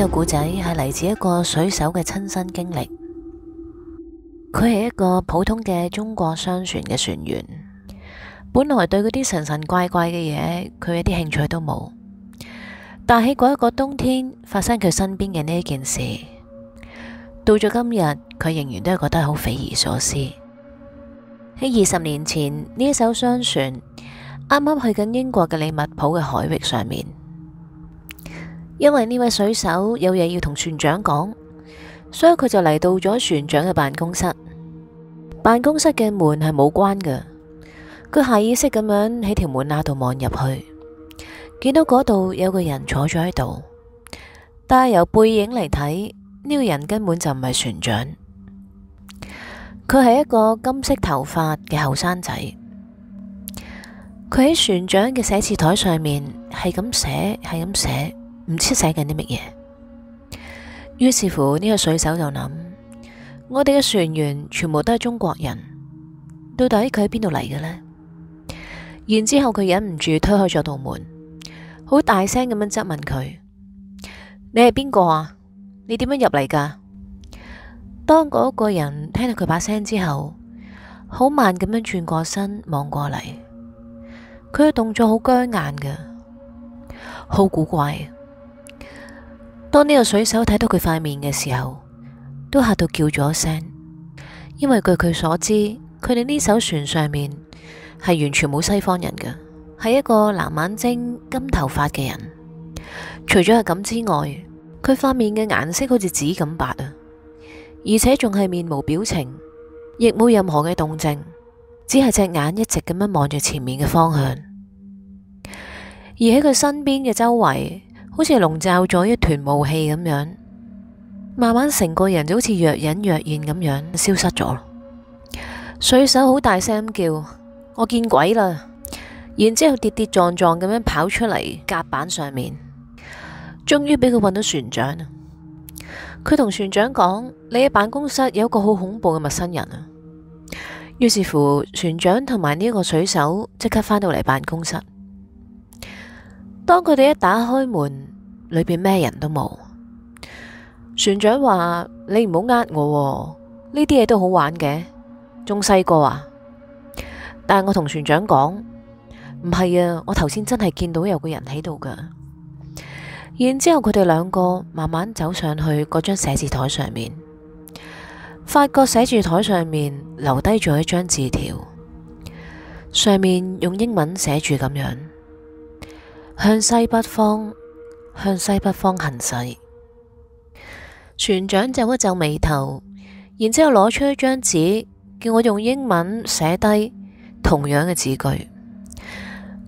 呢個故仔係嚟自一個水手嘅親身經歷。佢係一個普通嘅中國商船嘅船員，本來對嗰啲神神怪怪嘅嘢，佢一啲興趣都冇。但喺嗰一個冬天，發生佢身邊嘅呢一件事，到咗今日，佢仍然都係覺得好匪夷所思。喺二十年前，呢一艘商船啱啱去緊英國嘅利物浦嘅海域上面。因為呢位水手有嘢要同船長講，所以佢就嚟到咗船長嘅辦公室。辦公室嘅門係冇關嘅，佢下意識咁樣喺條門罅度望入去，見到嗰度有個人坐咗喺度，但係由背影嚟睇，呢個人根本就唔係船長，佢係一個金色頭髮嘅後生仔。佢喺船長嘅寫字台上面係咁寫，係咁寫。唔知寫緊啲乜嘢，於是乎呢個水手就諗：我哋嘅船員全部都係中國人，到底佢喺邊度嚟嘅呢？然之後佢忍唔住推開咗道門，好大聲咁樣質問佢：你係邊個啊？你點樣入嚟噶？當嗰個人聽到佢把聲之後，好慢咁樣轉過身望過嚟，佢嘅動作好僵硬嘅，好古怪。當呢個水手睇到佢塊面嘅時候，都嚇到叫咗一聲，因為據佢所知，佢哋呢艘船上面係完全冇西方人嘅，係一個藍眼睛、金頭髮嘅人。除咗係咁之外，佢塊面嘅顏色好似紙咁白啊，而且仲係面無表情，亦冇任何嘅動靜，只係隻眼一直咁樣望住前面嘅方向，而喺佢身邊嘅周圍好似籠罩咗一團霧氣咁樣，慢慢成個人就好似若隱若現咁樣消失咗。水手好大聲咁叫我見鬼啦！然之後跌跌撞撞咁樣跑出嚟甲板上面，終於俾佢搵到船長。佢同船長講：你嘅辦公室有一個好恐怖嘅陌生人啊！於是乎，船長同埋呢個水手即刻返到嚟辦公室。當佢哋一打開門，裡邊咩人都冇。船長話：你唔好呃我，呢啲嘢都好玩嘅，仲細個啊！但係我同船長講，唔係啊，我頭先真係見到有個人喺度噶。然之後佢哋兩個慢慢走上去嗰張寫字台上面，發覺寫字台上面留低咗一張字條，上面用英文寫住咁樣。向西北方向西北方行駛。船長皺一皺眉頭，然之後攞出一張紙，叫我用英文寫低同樣嘅字句。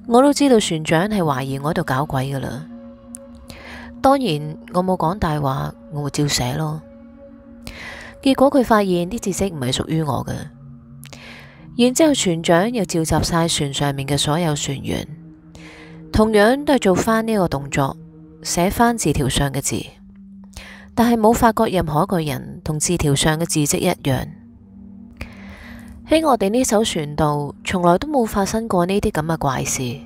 我都知道船長係懷疑我喺度搞鬼噶啦。當然我冇講大話，我會照寫咯。結果佢發現啲字跡唔係屬於我嘅，然之後船長又召集晒船上面嘅所有船員。同樣都係做返呢個動作，寫返字條上嘅字，但係冇發覺任何一個人同字條上嘅字跡一樣。喺我哋呢艘船度，從來都冇發生過呢啲咁嘅怪事，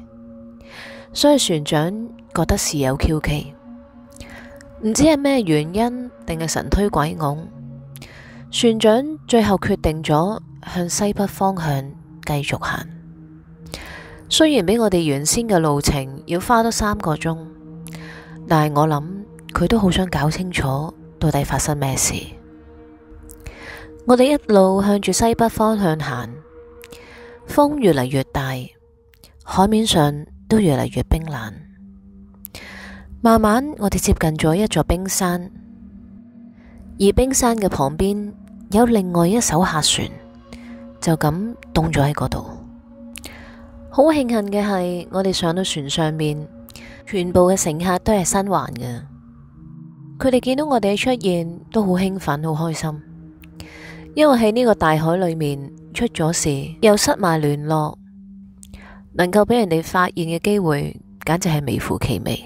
所以船長覺得事有蹊蹺，唔知係咩原因，定係神推鬼拱。船長最後決定咗向西北方向繼續行。雖然比我哋原先嘅路程要花多三個鐘，但係我諗佢都好想搞清楚到底發生咩事。我哋一路向住西北方向行，風越嚟越大，海面上都越嚟越冰冷。慢慢我哋接近咗一座冰山，而冰山嘅旁邊有另外一艘客船，就咁凍咗喺嗰度。好慶幸嘅係，我哋上到船上面，全部嘅乘客都係生還嘅。佢哋見到我哋嘅出現，都好興奮，好開心。因為喺呢個大海裏面出咗事，又失埋聯絡，能夠俾人哋發現嘅機會，簡直係微乎其微。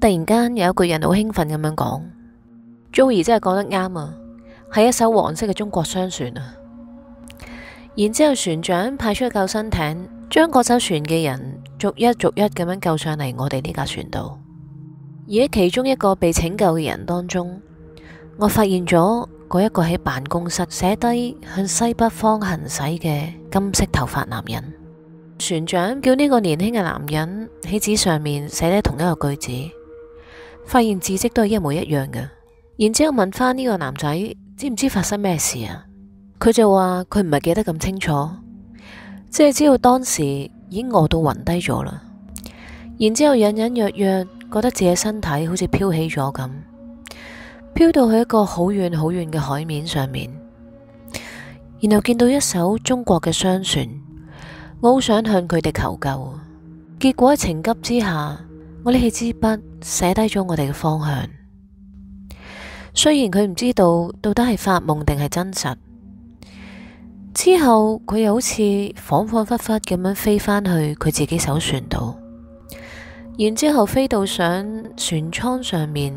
突然間，有一個人好興奮咁樣講：Joey 真係講得啱啊，係一艘黃色嘅中國商船啊！然之後，船長派出救生艇，將嗰艘船嘅人逐一逐一咁樣救上嚟我哋呢架船度。而喺其中一個被拯救嘅人當中，我發現咗嗰一個喺辦公室寫低向西北方行駛嘅金色頭髮男人。船長叫呢個年輕嘅男人喺紙上面寫低同一個句子，發現字跡都係一模一樣嘅。然之後問翻呢個男仔，知唔知發生咩事啊？佢就話佢唔係記得咁清楚，即係知道當時已經餓到暈低咗啦。然之後隱隱約約覺得自己身體好似飄起咗咁，飄到去一個好遠好遠嘅海面上面。然後見到一艘中國嘅商船，我好想向佢哋求救。結果喺情急之下，我拎起支筆寫低咗我哋嘅方向。雖然佢唔知道到底係發夢定係真實。之後佢又好似恍恍惚惚咁樣飛返去佢自己艘船度，然之後飛到上船艙上面，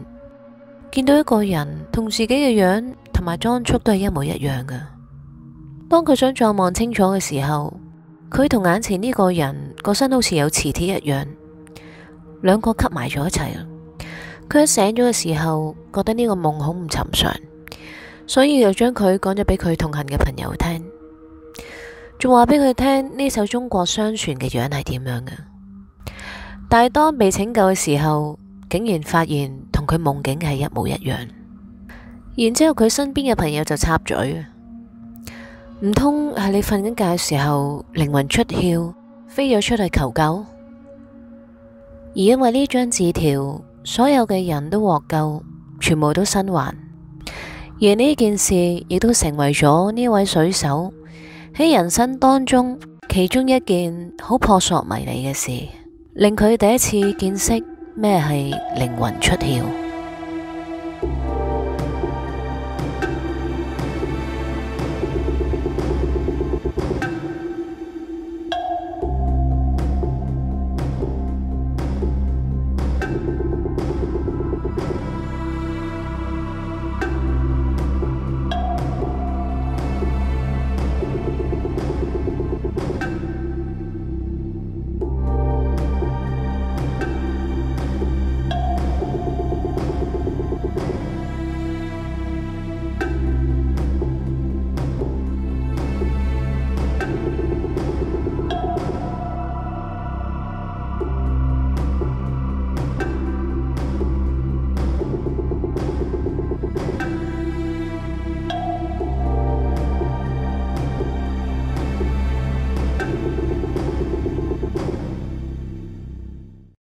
見到一個人同自己嘅樣同埋裝束都係一模一樣嘅。當佢想再望清楚嘅時候，佢同眼前呢個人個身好似有磁鐵一樣，兩個吸埋咗一齊。佢一醒咗嘅時候，覺得呢個夢好唔尋常，所以又將佢講咗俾佢同行嘅朋友聽。仲話俾佢聽呢首中國相傳嘅樣係點樣嘅，但係當被拯救嘅時候，竟然發現同佢夢境係一模一樣。然之後佢身邊嘅朋友就插嘴，唔通係你瞓緊覺嘅時候，靈魂出竅飛咗出去求救？而因爲呢張字條，所有嘅人都獲救，全部都生還，而呢件事亦都成爲咗呢位水手，喺人生當中，其中一件好撲朔迷離嘅事，令佢第一次見識咩係靈魂出竅。